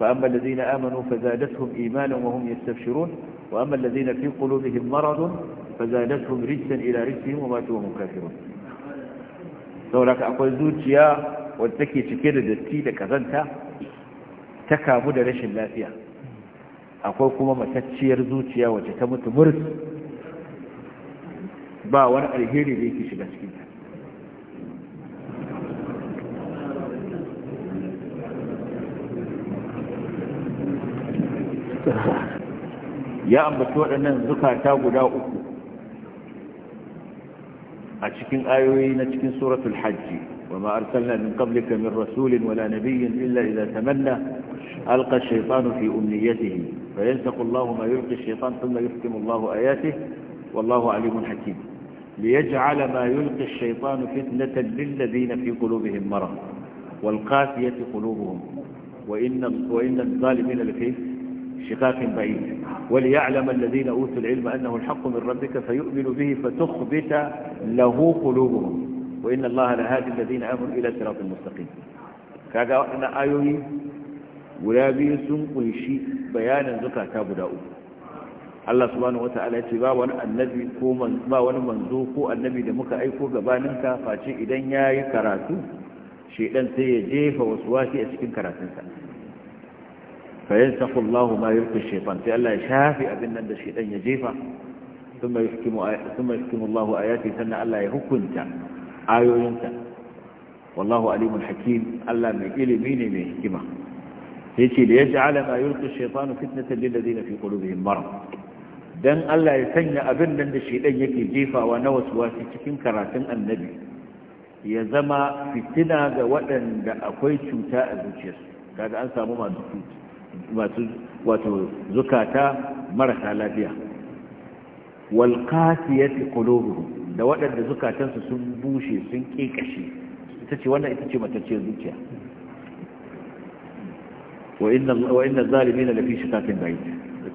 فأما الذين آمنوا فزادتهم إيمانا وهم يستبشرون وأما الذين في قلوبهم مرض فزادتهم رجسا إلى ل رجسهم وماتوا وهم كافرون سورك أقول زوجيا والتكي تكير دستي لك ذنتا تكابد ليش اللافية أقول كما ما تتشير زوجيا وجتمت مرس باوان الهيري ليكي شباشكي يا ambaci waɗannan zukata guda uku a cikin ayoyi na cikin suratul وما أرسلنا من قبلك من رسول ولا نبي إلا إذا تمنى ألقى الشيطان في أمنيته فينسق الله ما يلقي الشيطان ثم يفتم الله آياته والله عليم حكيم ليجعل ما يلقي الشيطان فتنة للذين في قلوبهم مرض والقافية قلوبهم وإن, وإن الظالمين لفيه شقاق بعيد وليعلم الذين أوتوا العلم أنه الحق من ربك فيؤمن به فتخبت له قلوبهم وإن الله لهادي الذين آمنوا إلى صراط المستقيم kaga waɗannan ayoyi guda biyu sun kunshi bayanin zukata guda uku Allah subhanahu wata'ala ya ce ba wani annabi ko ba wani manzo ko annabi da muka aiko gabaninka face idan yayi karatu shedan sai ya jefa wasu wasi a cikin karatunsa فينسخ الله ما يلقي الشيطان فألا شافي أبن أن الشيطان يجيفه ثم يحكم, آي... ثم يحكم الله آياته سنة ألا يهكنت آيو ينت والله عليم حكيم ألا مئل مين من حكمة يجي ليجعل ما يلقي الشيطان فتنة للذين في قلوبهم مرض dan Allah ya sanya abin nan da shedan yake jefawa na wasuwasi cikin karatun annabi ya zama fitina ga waɗanda akwai cuta a zuciyarsu kaga an samu masu cuta wato zukata marasa lafiya wal qasiyati qulubuhum da waɗanda zukatansu sun bushe sun kekashi ita ce wannan ita ce matacciyar zuciya wa inna wa na zalimina lafi shikakin bayt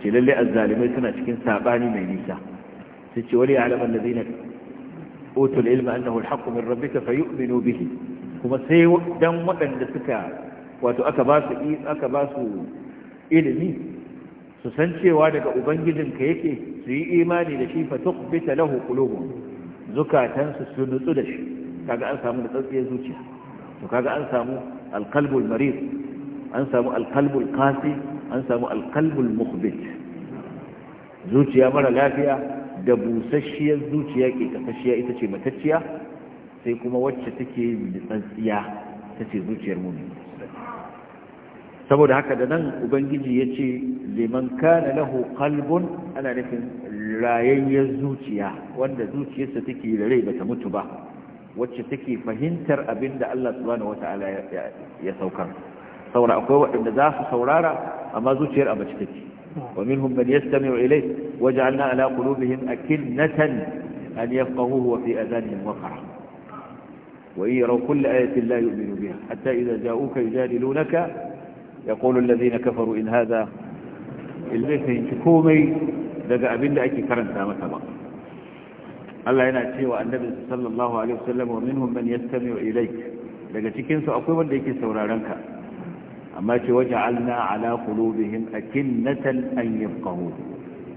ce lalle zalimai suna cikin saɓani mai nisa sai ce wani wali alama allazina utul ilma annahu alhaq min rabbika fayu'minu bihi kuma sai dan waɗanda suka wato aka ba su aka ba su ilimi su san cewa daga ubangijinka yake su yi imani da shi fa tuqbita lahu qulubuhum zukatansu su nutsu da shi kaga an samu nutsatsiyar zuciya to kaga an samu alqalbul marid an samu alqalbul qasi an samu alqalbul mukhbit zuciya mara lafiya da busasshiyar zuciya ke kasashiya ita ce matacciya sai kuma wacce take nutsatsiya ta ce zuciyar mu'min saboda haka da nan ubangiji ya ce liman kana lahu qalbun ana nufin rayayyar zuciya wanda zuciyarsa take da rai bata mutu ba wacce take fahimtar abin da Allah subhanahu wataala ya saukar saboda akwai waɗanda za su saurara amma zuciyar a bace take wa minhum man yastami'u ilayh waj'alna ala qulubihim akinnatan an yafqahuhu wa fi وإن يروا كل آية لا يؤمنوا بها حتى إذا جاءوك يجادلونك يقول الذين كفروا إن هذا البيت komai daga abin da ake karanta maka ba Allah yana cewa annabi sallallahu alaihi wasallam wa minhum man yastami'u ilayk daga cikin akwai wanda yake sauraron ka amma ce waja'alna ala qulubihim akinnatan an yafqahu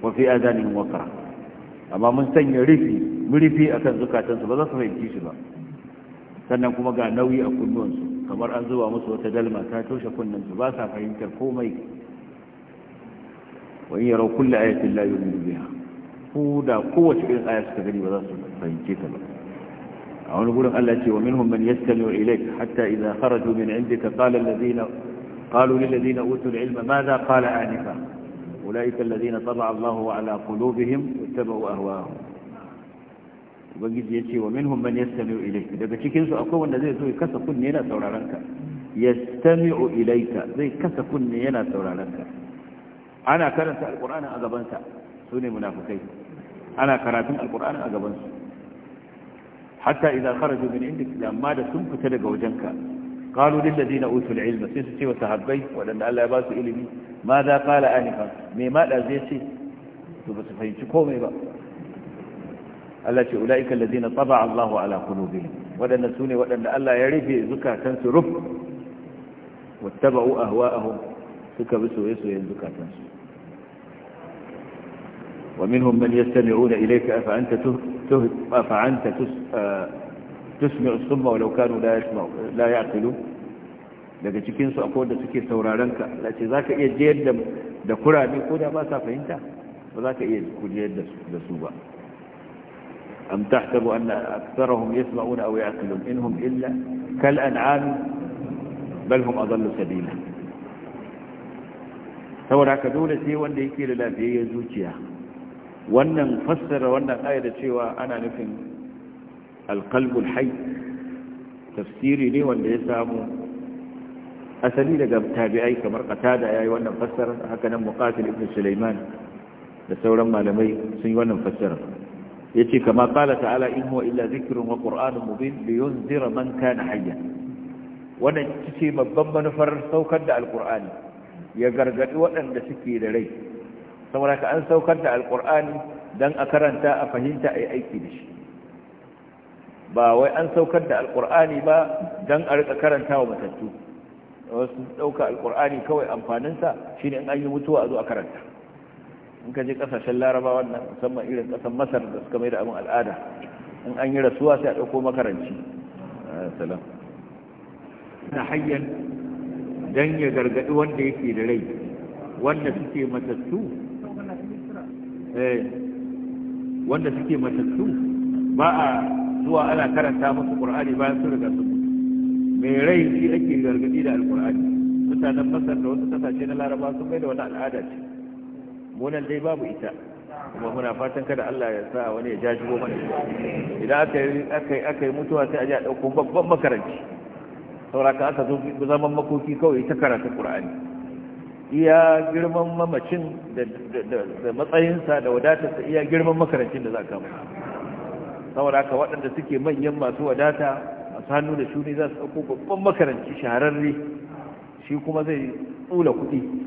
wa fi adanihim waqra amma mun sanya rufi murifi akan zukatan ba za su fahimci shi ba sannan kuma ga nauyi a kunnuwan kamar an zuba musu wata dalma ta toshe kunnan su ba sa fahimtar komai wa in yaro kullu ayatin la yu'minu biha ko da kowace irin aya suka gani ba za su fahimce ta ba a wani gurin Allah ce wa minhum man yastami'u ilayk hatta idha kharaju min 'indika qala alladhina qalu lil ladina utu al ilma madha qala anifa ulaika alladhina tabaa Allahu ala qulubihim wattabu ahwaahum ubangiji ce wa minhum man yastami'u ilayka daga cikin su akwai wanda zai zo ya kasa kunne yana sauraron ka ya sami ilayka zai kasa kunne yana sauraron ka ana karanta alqur'ani a gabansa sa sune munafukai ana karatun alqur'ani a gabansu. su hatta idza kharaju min indik amma da sun fita daga wajenka قالوا للذين اوتوا العلم سيسي وتهبي ولن الله يباسوا إلمي ماذا قال آنفا مما لا زيسي Su fahimci komai ba. Allah ce ula'ika allazina taba Allahu ala qulubihim wadannan sune waɗanda Allah ya rufe zukatan su ruf a ahwa'ahum suka bi soyayyen zukatan su wa minhum man ya ilayka afa anta tuh afa anta eh, tusmi'u thumma walau kanu la yasma'u la ya'qilu daga cikin su akwai da suke sauraron ka Allah ce zaka iya jiyar da da ko da ba sa fahimta ba za ka iya kujiyar da su ba أم تحسب أن أكثرهم يسمعون أو يعقلون إنهم إلا كالأنعام بل هم أضل سبيلا saboda haka dole sai wanda yake da lafiyayyar zuciya wannan fassara wannan ayar da cewa ana nufin alqalbul hayy tafsiri ne wanda ya samu asali daga tabi'ai kamar ya yayi wannan fassara haka nan muqatil ibn sulaiman da sauran malamai sun yi wannan fassara yace kama qala ta'ala in huwa illa dhikrun wa qur'anun mubin liyunzira man kana hayya wannan ce babban manufar saukar da alqur'ani ya gargadi waɗanda suke da rai saboda ka an saukar da alqur'ani dan a karanta a fahimta ai aiki da shi ba wai an saukar da alqur'ani ba dan a rika karantawa matattu wasu dauka alqur'ani kawai amfaninsa shine in an yi mutuwa a zo a karanta in ka je kasashen Laraba wannan, musamman irin kasan masar da suka mai da abin al'ada in an yi rasuwa sai a ɗauko makaranci na hayyan don ya gargaɗi wanda yake da rai wanda suke matattu eh, wanda suke matattu ba a zuwa ana karanta musu ƙur'ani bayan sun riga su mai rai shi ake gargaɗi da alƙur'ani mutanen masar da wasu kasashe na laraba sun mai da wani al'ada ce munan dai babu ita kuma muna fatan kada Allah ya sa wani ya jaji jajibo mana idan aka yi mutuwa sai a ji a ɗauko babban makaranci sauraka aka zo zaman makoki kawai ta karanta ƙur'ani iya girman mamacin da matsayinsa da wadatarsa iya girman makarancin da za ka mai sauraka waɗanda suke manyan masu wadata masu hannu da shuni za su ɗauko babban makaranci shahararre shi kuma zai tsula kuɗi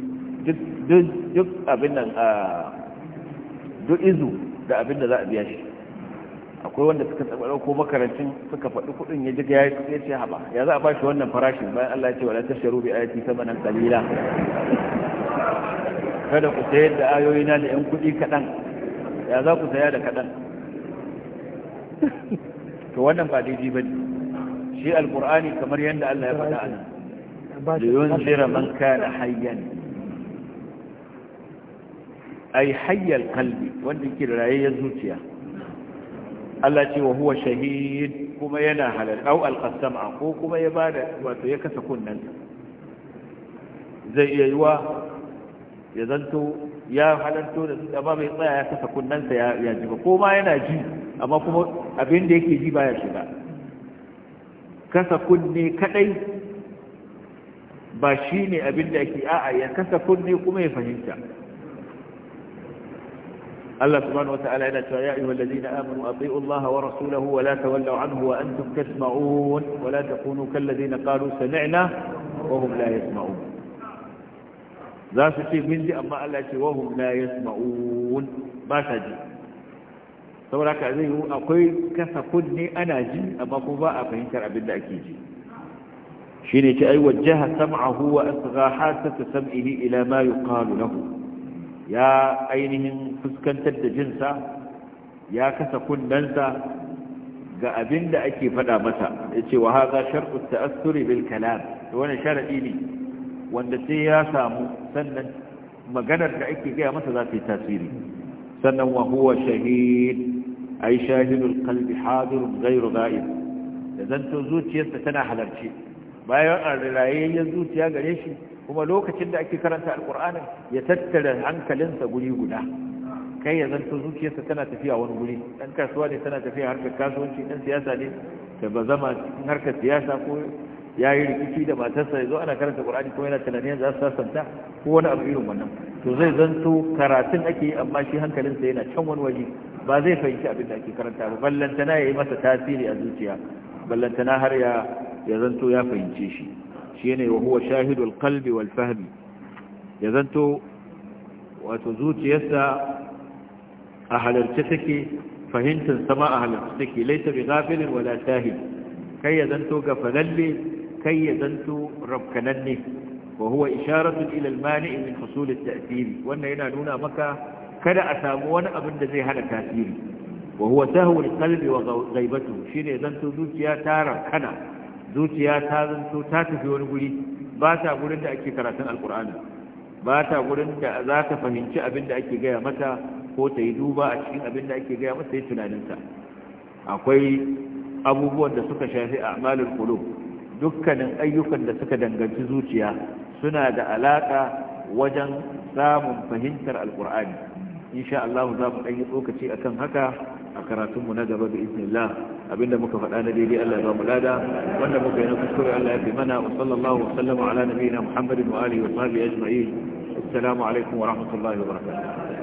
duk abin nan a duk izu da abin da za a biya shi akwai wanda suka tsabaro ko makarancin suka faɗi kuɗin ya jiga ya ce haɓa ya za a ba shi wannan farashin bayan Allah ya ce wala tasharu bi ayati samanan qalila kada ku sayar da ayoyi na da yan kuɗi kaɗan ya za ku saya da kaɗan to wannan ba daidai ba ne shi alƙur'ani kamar yadda Allah ya faɗa a nan yunzira man kana hayyan ai hayyar kalbi wanda ke da rayayyar zuciya Allah ce wa huwa shahid kuma yana halal au alqasama ko kuma ya bada wato ya kasa kunnan zai iya yiwa ya zanto ya halanto da su amma bai tsaya ya kasa kunnan ya ji ba ko ma yana ji amma kuma abin da yake ji baya shiga kasa kunne kadai ba shi ne abin da yake a'a ya kasa kunne kuma ya fahimta الله سبحانه وتعالى إلى يا أيها الذين آمنوا أطيعوا الله ورسوله ولا تولوا عنه وأنتم تسمعون ولا تكونوا كالذين قالوا سمعنا وهم لا يسمعون ذا في من ذي أما الله وهم لا يسمعون ما تجي saboda haka أقول yi قدني أنا جي أما ji فإن كان عبد الله fahimtar abin da ake سمعه shine ce ai wajjaha sam'ahu wa asgha ya ainihin fuskantar da jinsa ya kasa kundansa ga abin da ake faɗa masa ya ce wa haza sharku ta'assuri bil kalam da wani sharaɗi ne wanda sai ya samu sannan maganar da ake gaya masa za ta yi tasiri sannan wa huwa shahid ai qalbi hadirun ghairu ghaib da zanto zuciyarsa tana halarci bayan an rayayyen zuciya gare shi kuma lokacin da ake karanta alkur'anin ya tattara hankalinsa guri guda kai ya zanto zuciyarsa tana tafiya wani guri dan kasuwa ne tana tafiya harkar kasuwanci dan siyasa ne da ba zama cikin harkar siyasa ko ya yi rikici da matarsa ya zo ana karanta qur'ani ko yana tunanin za su sasanta ko wani abu irin wannan to zai zanto karatun ake yi amma shi hankalinsa yana can wani waje ba zai fahimci abin da ake karanta ba ballantana ya yi masa tasiri a zuciya ballantana har ya ya zanto ya fahimce shi shine wa shahidul qalbi wal fahmi ya zanto wato zuciyarsa a halarci take fahimtar sama a halarci take laita bi ghafilin wala shahid kai ya zanto gafalalle kai ya zanto rabkananne wa huwa isharatu ila al mani' min husul al ta'thir wannan yana nuna maka kada a samu wani abin da zai hana tasiri wa huwa sahwu al qalbi wa ghaibatu shine zanto zuciya tara kana zuciya ta zanto ta tafi wani guri ba ta gurin da ake karatun alkur'ani ba ta gurin da za ta fahimci abin da ake gaya mata ko ta yi duba a cikin abin da ake gaya mata yi tunaninta akwai abubuwan da suka shafi a amalin kulub dukkanin ayyukan da suka danganci zuciya suna da alaƙa wajen samun fahimtar alkur'ani insha Allah za mu yi tsokaci akan haka a karatunmu na gaba da izinin iznillah abinda muka faɗa na daidai Allah ya ba mu lada wanda muka yi na kuskure Allah ya fi mana wa sallallahu wa sallama ala nabiyina Muhammadin wa alihi wa sahbihi ajma'in assalamu alaikum wa rahmatullahi wa barakatuh